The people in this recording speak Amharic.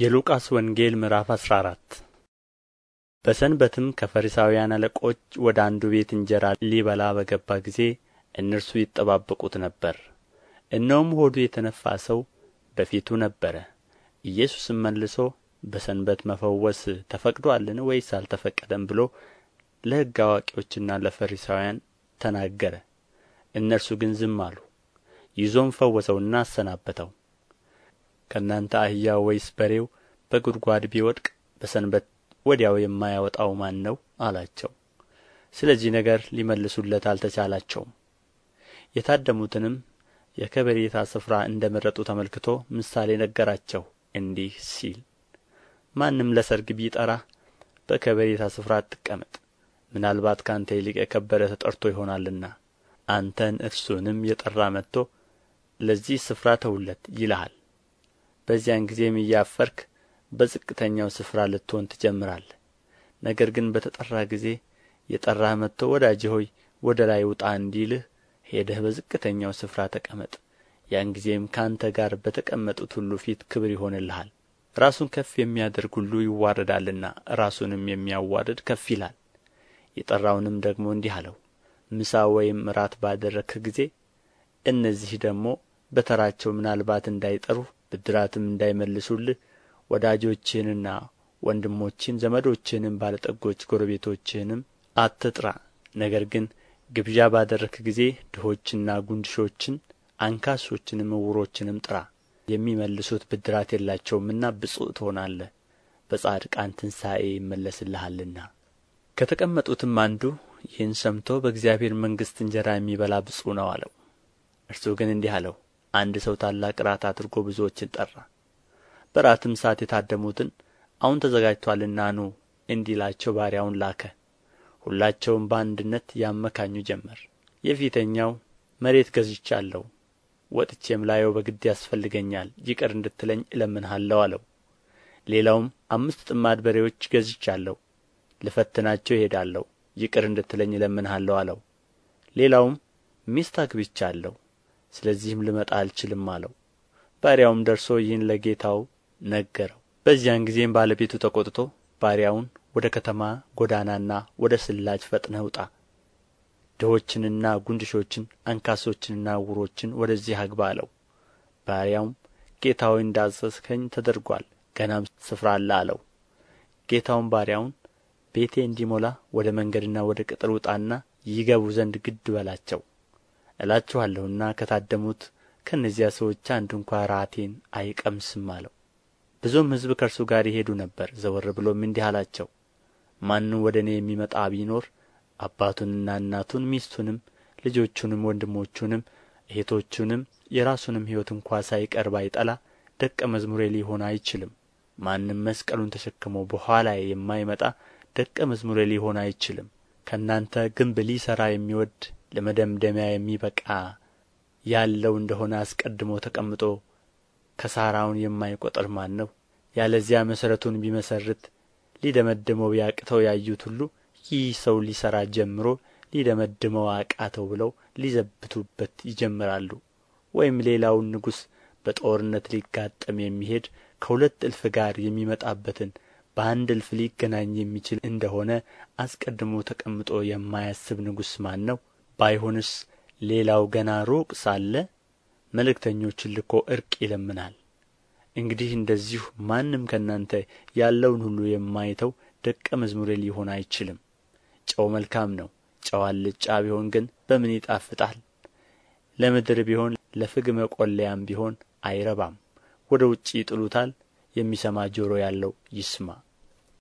የሉቃስ ወንጌል ምዕራፍ 14 በሰንበትም ከፈሪሳውያን አለቆች ወደ አንዱ ቤት እንጀራ ሊበላ በገባ ጊዜ እነርሱ ይጠባበቁት ነበር። እነሆም ሆዱ የተነፋ ሰው በፊቱ ነበረ። ኢየሱስም መልሶ በሰንበት መፈወስ ተፈቅዶአልን ወይስ አልተፈቀደም ብሎ ለሕግ አዋቂዎችና ለፈሪሳውያን ተናገረ። እነርሱ ግን ዝም አሉ። ይዞም ፈወሰውና አሰናበተው። ከእናንተ አህያው ወይስ በሬው በጉድጓድ ቢወድቅ በሰንበት ወዲያው የማያወጣው ማን ነው አላቸው ስለዚህ ነገር ሊመልሱለት አልተቻላቸውም የታደሙትንም የከበሬታ ስፍራ እንደ መረጡ ተመልክቶ ምሳሌ ነገራቸው እንዲህ ሲል ማንም ለሰርግ ቢጠራ በከበሬታ ስፍራ አትቀመጥ ምናልባት ከአንተ ይልቅ የከበረ ተጠርቶ ይሆናልና አንተን እርሱንም የጠራ መጥቶ ለዚህ ስፍራ ተውለት ይልሃል በዚያን ጊዜም እያፈርክ በዝቅተኛው ስፍራ ልትሆን ትጀምራለህ ነገር ግን በተጠራ ጊዜ የጠራህ መጥቶ ወዳጅ ሆይ ወደ ላይ ውጣ እንዲልህ ሄደህ በዝቅተኛው ስፍራ ተቀመጥ ያን ጊዜም ከአንተ ጋር በተቀመጡት ሁሉ ፊት ክብር ይሆንልሃል ራሱን ከፍ የሚያደርግ ሁሉ ይዋረዳልና ራሱንም የሚያዋርድ ከፍ ይላል የጠራውንም ደግሞ እንዲህ አለው ምሳ ወይም እራት ባደረግህ ጊዜ እነዚህ ደግሞ በተራቸው ምናልባት እንዳይጠሩህ ብድራትም እንዳይመልሱልህ ወዳጆችህንና ወንድሞችህን ዘመዶችህንም ባለ ጠጎች ጎረቤቶችህንም አትጥራ ነገር ግን ግብዣ ባደረክ ጊዜ ድሆችና ጉንድሾችን አንካሶችንም እውሮችንም ጥራ የሚመልሱት ብድራት የላቸውምና ብፁዕ ትሆናለህ በጻድቃን ትንሣኤ ይመለስልሃልና ከተቀመጡትም አንዱ ይህን ሰምቶ በእግዚአብሔር መንግሥት እንጀራ የሚበላ ብፁዕ ነው አለው እርሱ ግን እንዲህ አለው አንድ ሰው ታላቅ እራት አድርጎ ብዙዎችን ጠራ። በራትም ሰዓት የታደሙትን አሁን ተዘጋጅቶአልና ኑ እንዲላቸው ባሪያውን ላከ። ሁላቸውም በአንድነት ያመካኙ ጀመር። የፊተኛው መሬት ገዝቻለሁ፣ ወጥቼም ላየው በግድ ያስፈልገኛል፣ ይቅር እንድትለኝ እለምንሃለሁ አለው። ሌላውም አምስት ጥማድ በሬዎች ገዝቻለሁ፣ ልፈትናቸው እሄዳለሁ፣ ይቅር እንድትለኝ እለምንሃለሁ አለው። ሌላውም ሚስት አግብቻለሁ ስለዚህም ልመጣ አልችልም አለው። ባሪያውም ደርሶ ይህን ለጌታው ነገረው። በዚያን ጊዜም ባለቤቱ ተቆጥቶ ባሪያውን ወደ ከተማ ጎዳናና ወደ ስላች ፈጥነህ ውጣ፣ ድሆችንና ጉንድሾችን አንካሶችንና ዕውሮችን ወደዚህ አግባ አለው። ባሪያውም ጌታ ሆይ እንዳዘዝከኝ ተደርጓል፣ ገናም ስፍራ አለ አለው። ጌታውም ባሪያውን ቤቴ እንዲሞላ ወደ መንገድና ወደ ቅጥር ውጣና ይገቡ ዘንድ ግድ በላቸው እላችኋለሁና ከታደሙት ከእነዚያ ሰዎች አንድ እንኳ ራቴን አይቀምስም አለው ብዙም ሕዝብ ከእርሱ ጋር ይሄዱ ነበር ዘወር ብሎም እንዲህ አላቸው ማንም ወደ እኔ የሚመጣ ቢኖር አባቱንና እናቱን ሚስቱንም ልጆቹንም ወንድሞቹንም እህቶቹንም የራሱንም ሕይወት እንኳ ሳይቀር ባይጠላ ደቀ መዝሙሬ ሊሆን አይችልም ማንም መስቀሉን ተሸክሞ በኋላ የማይመጣ ደቀ መዝሙሬ ሊሆን አይችልም ከእናንተ ግንብ ሊሠራ የሚወድ ለመደምደሚያ የሚበቃ ያለው እንደ ሆነ አስቀድሞ ተቀምጦ ከሳራውን የማይቆጥር ማን ነው ያለዚያ መሠረቱን ቢመሠርት ሊደመድመው ቢያቅተው ያዩት ሁሉ ይህ ሰው ሊሠራ ጀምሮ ሊደመድመው አቃተው ብለው ሊዘብቱበት ይጀምራሉ ወይም ሌላውን ንጉሥ በጦርነት ሊጋጠም የሚሄድ ከሁለት እልፍ ጋር የሚመጣበትን በአንድ እልፍ ሊገናኝ የሚችል እንደሆነ አስቀድሞ ተቀምጦ የማያስብ ንጉሥ ማን ነው ባይሆንስ ሌላው ገና ሩቅ ሳለ መልእክተኞችን ልኮ ዕርቅ ይለምናል እንግዲህ እንደዚሁ ማንም ከእናንተ ያለውን ሁሉ የማይተው ደቀ መዝሙሬ ሊሆን አይችልም ጨው መልካም ነው ጨው አልጫ ቢሆን ግን በምን ይጣፍጣል ለምድር ቢሆን ለፍግ መቆለያም ቢሆን አይረባም ወደ ውጭ ይጥሉታል የሚሰማ ጆሮ ያለው ይስማ